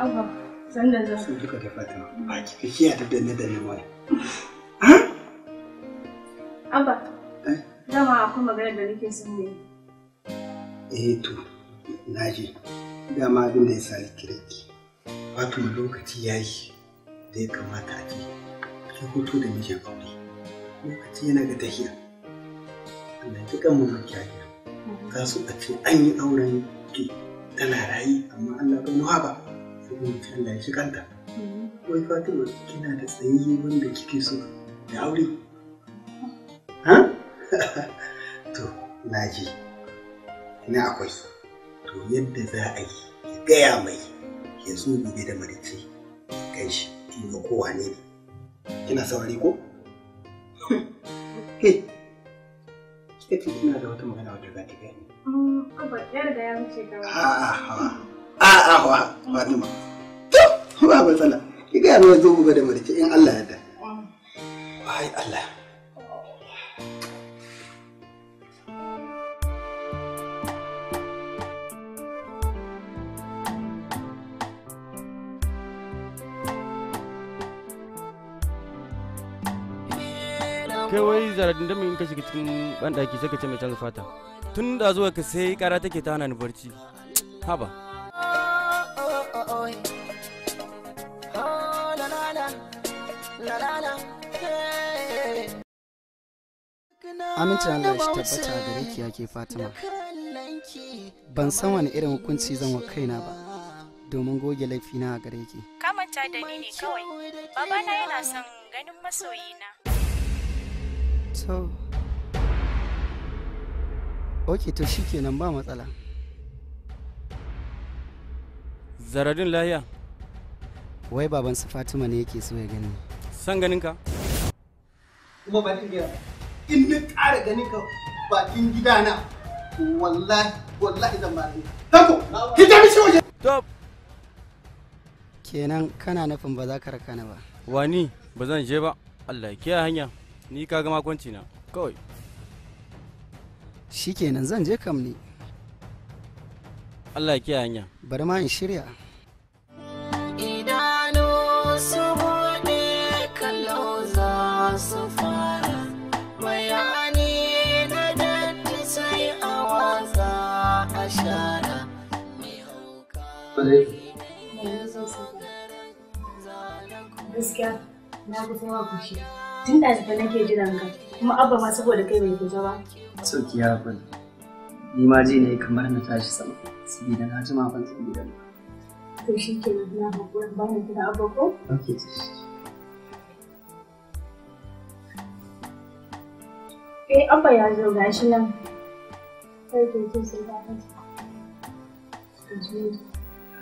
Abba, san da Su duka da Fatima, a ki kake yadda danne danne wani. Ha? Abba, eh? dama akwai maganar da nake son ne. Eh to, na ji. Dama abin da ya sa kirki. Fatima lokaci ya yi da ya kamata a ce ki hoto da mijin aure. Lokaci yana ga tahiya. Allah ki kan mun kyakya. Ka mm-hmm. so a ce an yi auren ki tana rayi amma Allah bai nuha ba. Allah ya ji kanta mm. wai Fatima kina da tsayayye wanda kike so da aure ha to naji ina akwai to yadda za a yi ya gaya mai ya zo gobe da marice kai shi in ga kowa ne kina saurari ko he hmm. kika ce kina da wata magana wadda za ki gani. Mm, Abba, yar da ya wuce gaba. Ah, a'a Fatima. To, ba matsala. Ki ga yanzu zo gobe da marke in Allah ya da. Ai Allah. kai wai zaradin da shiga cikin banɗaki sai ka ce mai canza fata tun da zuwa ka sai kara take ta hana ni barci haba Amincin Allah shi tabbata gare ki yake Fatima. Ban san wani irin hukunci zan wa kaina ba domin goge laifina a gare ki. Kamanta da ni ne kawai. Babana yana son ganin masoyina. To. Ok, to shi kenan ba matsala. Zaradin lahiya. Wai baban su Fatima ne yake so ya gani. san ganin ka kuma ba gida in ni ƙara ganin ka bakin gida na wallahi wallahi zan ba ni tako ki ta mishi waje to kenan kana nufin ba za ka raka ni ba wani ba zan je ba Allah ke hanya ni ka ga makonci na kawai shikenan zan je kam ni Allah ke hanya bari ma in shirya gare Gaskiya na kusa wa fushi. Tun ɗalibai ke jiran ka kuma abba ma saboda kai bai fita ba. Sauki ya bari. Ni ma ji ne kamar na tashi sama saboda na ji ma ban san gidan ba. To shi ke na haƙura ba na kira abba ko? Ok, to shi. Eh, abba ya zo gashi nan. Sai ke ce sai ka fata.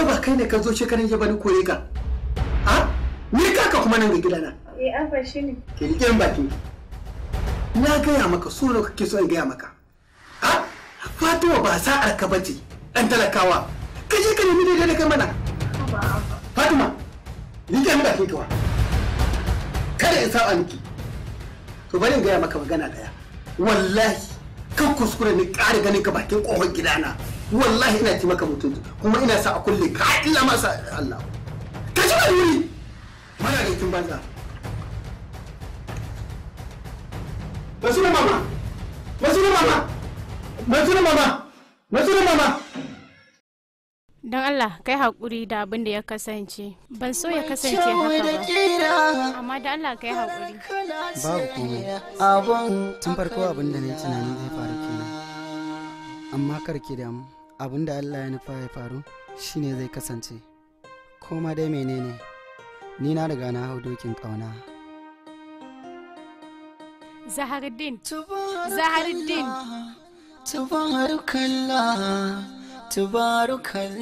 wai ba kai ne ka zo shekarun jiya bani koyi ka ha ni ka kuma nan ga gidana eh an fashi ne ke riƙe baki na gaya maka so ne kake so in gaya maka ha fatima ba sa'ar ka bace dan talakawa ka je ka nemi daidai da kai mana fatima riƙe mu bakin kawa kada in sa'a miki to bari in gaya maka magana daya wallahi kan kuskure ni ƙara ganin ka bakin ƙofar gidana wallahi ina ci maka mutunci kuma ina sa a kulle ka illa ma sa Allah ka ci wani wuri mana da kin banza Masu na mama Masu na mama Masu na mama Masu na mama Don Allah kai haƙuri da abin da ya kasance ban so ya kasance haka ba amma da Allah kai haƙuri babu komai abun tun farko abin da na yi tunanin zai faru kenan amma karki da mu abin da Allah ya nufa ya faru shine zai kasance koma dai menene ni na riga na hau dokin ƙauna zaharuddin din. Zahar din.